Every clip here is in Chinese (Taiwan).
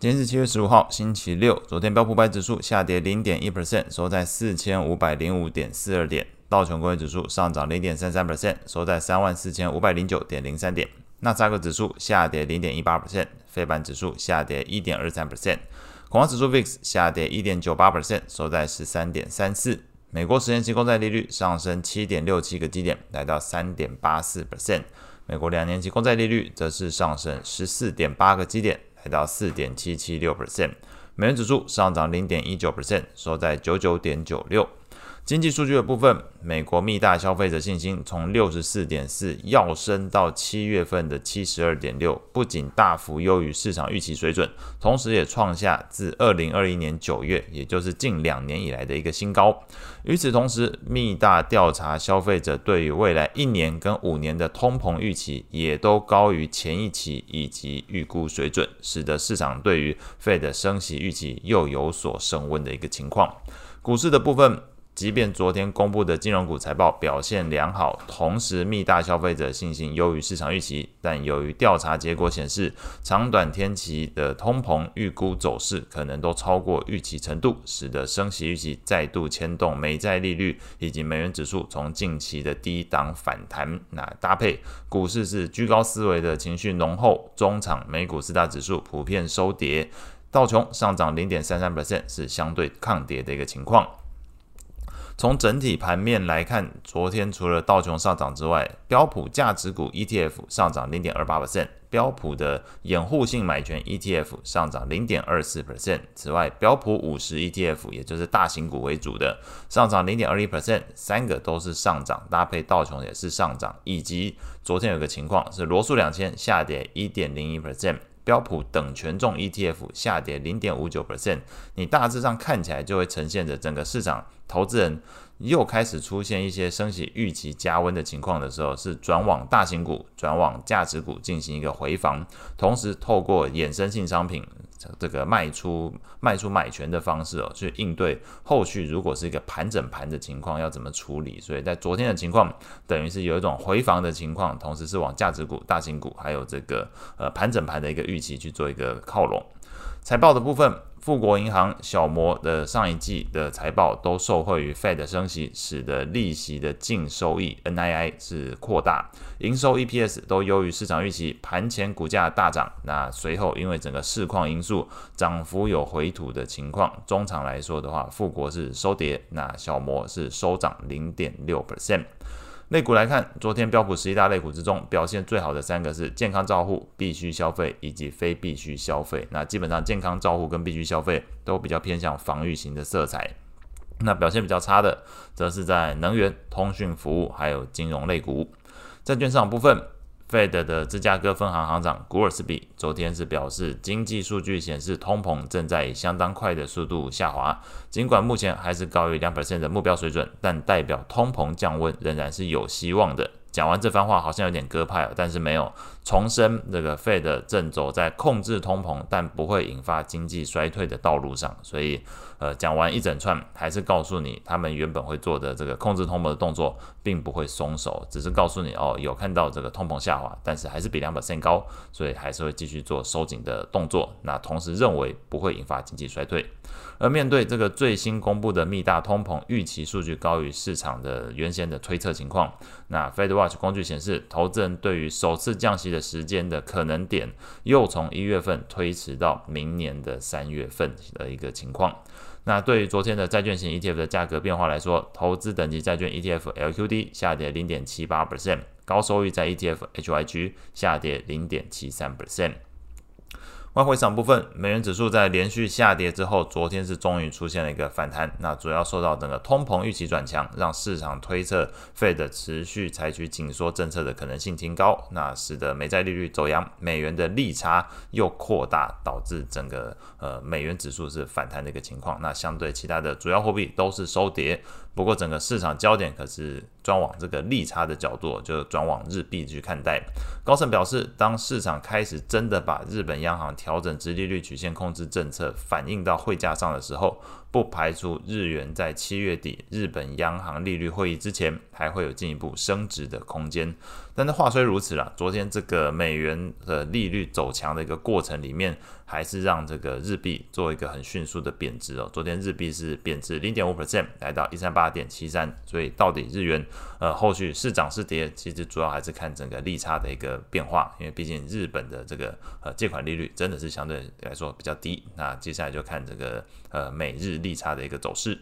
今天是七月十五號，星期六。昨天標普五百指數下跌零點一 percent，收在四千五百零五點四二點。道瓊工業指數上漲零點三三 percent，收在三萬四千五百零九點零三點。納斯達克指數下跌零點一八 percent，費半指數下跌一點二三 percent，恐慌指數 VIX 下跌一點九八 percent，收在十三點三四。美國十年期公債利率上升七點六七個基點，來到三點八四 percent。美國兩年期公債利率則是上升十四點八個基點。來到四點七七六 percent，美元指數上漲零點一九 percent，收在九九點九六。經濟數據的部分，美國密大消費者信心從六十四點四躍升到七月份的七十二點六，不僅大幅優於市場預期水準，同時也創下自二零二一年九月，也就是近兩年以來的一個新高。與此同時，密大調查消費者對於未來一年跟五年的通膨預期也都高於前一期以及預估水準，使得市場對於 Fed 的升息預期又有所升溫的一個情況。股市的部分。即便昨天公布的金融股財報表現良好，同時密大消費者信心優於市場預期，但由於調查結果顯示，長短天期的通膨預估走勢可能都超過預期程度，使得升息預期再度牽動美債利率以及美元指數從近期的低檔反彈。那搭配股市是居高思危的情緒濃厚，中場美股四大指數普遍收跌，道瓊上漲零點三三%是相對抗跌的一個情況。從整體盤面來看，昨天除了道瓊上漲之外，標普價值股 ETF 上漲零點二八百分，標普的掩護性買權 ETF 上漲零點二四百分。此外，標普五十 ETF，也就是大型股為主的，上漲零點二一百分。三個都是上漲，搭配道瓊也是上漲一。以及昨天有個情況是，羅素兩千下跌一點零一百分。標普等權重 ETF 下跌零點五九 percent，你大致上看起來就會呈現着整個市場投資人又開始出現一些升息預期加溫的情況的時候，是轉往大型股、轉往價值股進行一個回防，同時透過衍生性商品。這個賣出賣出買權的方式哦，去應對後續如果是一個盤整盤的情況要怎麼處理？所以在昨天的情況，等於是有一種回防的情況，同時是往價值股、大型股，還有這個呃盤整盤的一個預期去做一個靠攏。財報的部分。富國銀行小摩的上一季的財報都受惠於 Fed 升息，使得利息的淨收益 NII 是擴大，營收 EPS 都優於市場預期，盤前股價大漲。那隨後因為整個市況因素，漲幅有回吐的情況。終場來說的話，富國是收跌，那小摩是收漲零點六 percent。類股來看，昨天標普十一大類股之中，表現最好的三個是健康照護、必須消費以及非必須消費。那基本上健康照護跟必須消費都比較偏向防禦型的色彩。那表現比較差的，則是在能源、通訊服務還有金融類股。債券市場部分。Fed 的芝加哥分行行長古爾斯比昨天是表示，經濟數據顯示通膨正在以相當快的速度下滑，儘管目前還是高於2%的目標水準，但代表通膨降溫仍然是有希望的。講完這番話好像有點鴿派但是沒有。重申這個 Fed 正走在控制通膨但不會引發經濟衰退的道路上，所以呃講完一整串，還是告訴你他們原本會做的這個控制通膨的動作並不會鬆手，只是告訴你哦有看到這個通膨下滑，但是還是比兩百線高，所以還是會繼續做收緊的動作。那同時認為不會引發經濟衰退。而面對這個最新公布的密大通膨預期數據高於市場的原先的推測情況，那 Fed watch 工具顯示，投資人對於首次降息的時間的可能點又從一月份推遲到明年的三月份的一個情況。那對於昨天的債券型 ETF 的價格變化來說，投資等級債券 ETF LQD 下跌0.78%，高收益債 ETF HYG 下跌0.73%。外匯市場部分，美元指數在連續下跌之後，昨天是終於出現了一個反彈。那主要受到整個通膨預期轉強，讓市場推測 Fed 持續採取緊縮政策的可能性提高，那使得美債利率走揚，美元的利差又擴大，導致整個呃美元指數是反彈的一個情況。那相對其他的主要貨幣都是收跌。不過整個市場焦點可是轉往這個利差的角度，就轉往日幣去看待。高盛表示，當市場開始真的把日本央行調整殖利率曲線控制政策反映到匯價上的時候。不排除日元在七月底日本央行利率會議之前，還會有進一步升值的空間。但是話雖如此啦，昨天這個美元的利率走強的一個過程裡面，還是讓這個日幣做一個很迅速的貶值哦。昨天日幣是貶值零點五 percent，來到一三八點七三。所以到底日元呃後續是漲是跌，其實主要還是看整個利差的一個變化，因為畢竟日本的這個呃借款利率真的是相對來說比較低。那接下來就看這個呃美日。利差的一個走勢，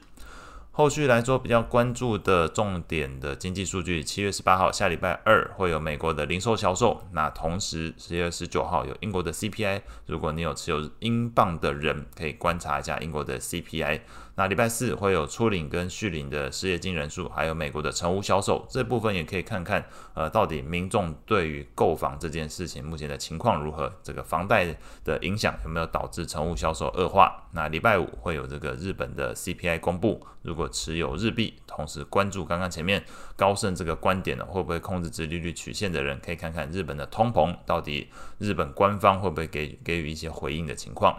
後續來說比較關注的重點的經濟數據，七月十八號下禮拜二會有美國的零售銷售，那同時七月十九號有英國的 CPI，如果你有持有英鎊的人，可以觀察一下英國的 CPI。那禮拜四會有初領跟續領的失業金人數，還有美國的成屋銷售這部分也可以看看，呃，到底民眾對於購房這件事情目前的情況如何？這個房貸的影響有沒有導致成屋銷售惡化？那禮拜五會有這個日本的 CPI 公布，如果持有日幣，同時關注剛剛前面高盛這個觀點呢，會不會控制殖利率曲線的人可以看看日本的通膨到底日本官方會不會給給予一些回應的情況。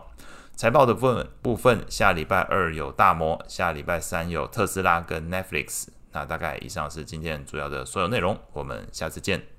財報的部分部分，下禮拜二有大摩，下禮拜三有特斯拉跟 Netflix。那大概以上是今天主要的所有內容，我們下次見。